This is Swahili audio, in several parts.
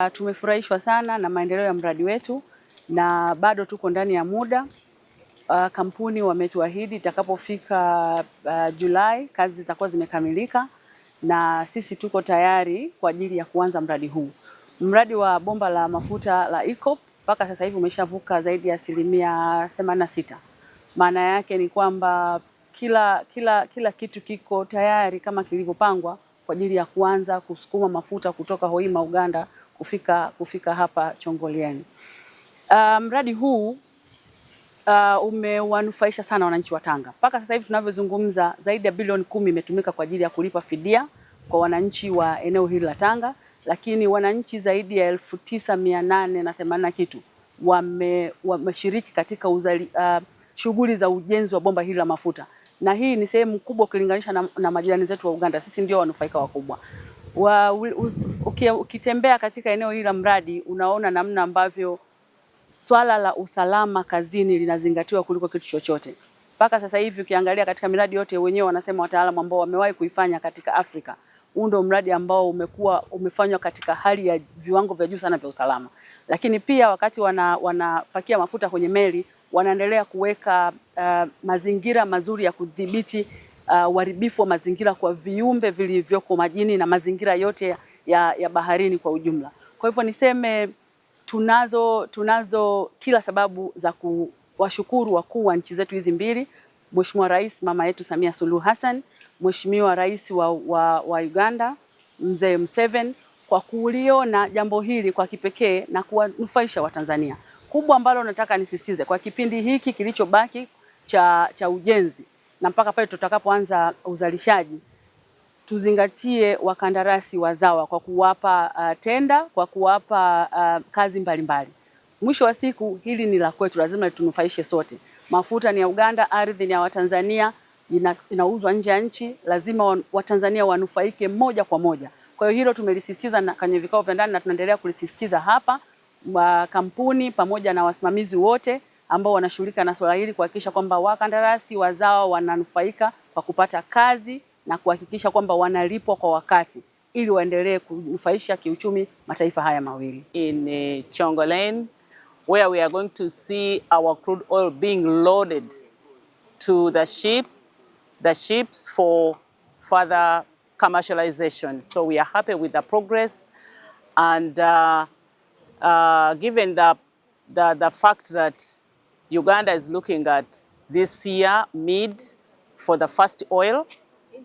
Ah, tumefurahishwa sana na maendeleo ya mradi wetu na bado tuko ndani ya muda. Ah, kampuni wametuahidi itakapofika uh, Julai kazi zitakuwa zimekamilika na sisi tuko tayari kwa ajili ya kuanza mradi huu. Mradi wa bomba la mafuta la EACOP mpaka sasa hivi umeshavuka zaidi ya asilimia themanini na sita. Maana yake ni kwamba kila, kila, kila kitu kiko tayari kama kilivyopangwa kwa ajili ya kuanza kusukuma mafuta kutoka Hoima Uganda kufika, kufika hapa Chongoliani. Ah, mradi huu uh, umewanufaisha sana wananchi wa Tanga. Mpaka sasa hivi tunavyozungumza, zaidi ya bilioni kumi imetumika kwa ajili ya kulipa fidia kwa wananchi wa eneo hili la Tanga, lakini wananchi zaidi ya elfu tisa mia nane na themanini kitu wameshiriki wame katika uh, shughuli za ujenzi wa bomba hili la mafuta, na hii ni sehemu kubwa ukilinganisha na, na majirani zetu wa Uganda. Sisi ndio wanufaika wakubwa wa, ukitembea katika eneo hili la mradi unaona namna ambavyo swala la usalama kazini linazingatiwa kuliko kitu chochote mpaka sasa hivi. Ukiangalia katika miradi yote, wenyewe wanasema wataalamu ambao wamewahi kuifanya katika Afrika, huu ndio mradi ambao umekuwa umefanywa katika hali ya viwango vya juu sana vya usalama. Lakini pia wakati wana, wanapakia mafuta kwenye meli wanaendelea kuweka uh, mazingira mazuri ya kudhibiti Uh, uharibifu wa mazingira kwa viumbe vilivyoko majini na mazingira yote ya, ya baharini kwa ujumla. Kwa hivyo niseme tunazo tunazo kila sababu za kuwashukuru wakuu wa nchi zetu hizi mbili, Mheshimiwa Rais mama yetu Samia Suluhu Hassan, Mheshimiwa Rais wa, wa, wa Uganda Mzee Museveni kwa kuliona jambo hili kwa kipekee na kuwanufaisha Watanzania. Kubwa ambalo nataka nisisitize kwa kipindi hiki kilichobaki cha, cha ujenzi na mpaka pale tutakapoanza uzalishaji tuzingatie wakandarasi wazawa kwa kuwapa uh, tenda kwa kuwapa uh, kazi mbalimbali. Mwisho wa siku hili ni la kwetu, lazima litunufaishe sote. Mafuta ni ya Uganda, ardhi ni ya Watanzania, inauzwa nje ya nchi, lazima Watanzania wanufaike moja kwa moja. Kwa hiyo hilo tumelisisitiza na kwenye vikao vya ndani na tunaendelea kulisisitiza hapa, kampuni pamoja na wasimamizi wote ambao wanashughulika na swala hili kuhakikisha kwamba wakandarasi wazao wananufaika kwa kupata kazi na kuhakikisha kwamba wanalipwa kwa wakati ili waendelee kunufaisha kiuchumi mataifa haya mawili. In uh, where we are going to see our crude oil being loaded to the ship the ships for further commercialization. So we are happy with the progress and uh, uh, given the, the, the fact that Uganda is looking at this year mid for the first oil.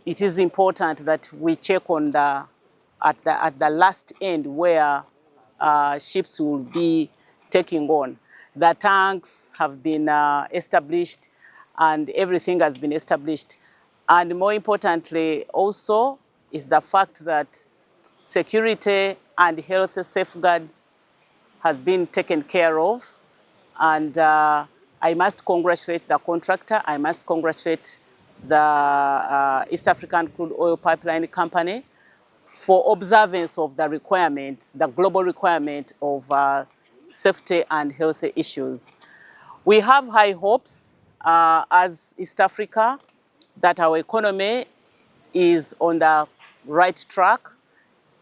It is important that we check on the at the at the last end where uh, ships will be taking on. The tanks have been uh, established and everything has been established. And more importantly also is the fact that security and health safeguards has been taken care of and uh, I must congratulate the contractor. I must congratulate the uh, East African Crude Oil Pipeline Company for observance of the requirement, the global requirement of uh, safety and health issues. We have high hopes uh, as East Africa that our economy is on the right track.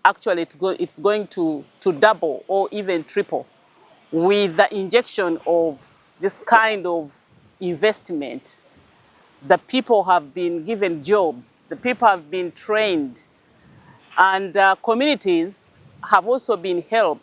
Actually, it's, go it's going to, to double or even triple with the injection of this kind of investment. The people have been given jobs, the people have been trained, and uh, communities have also been helped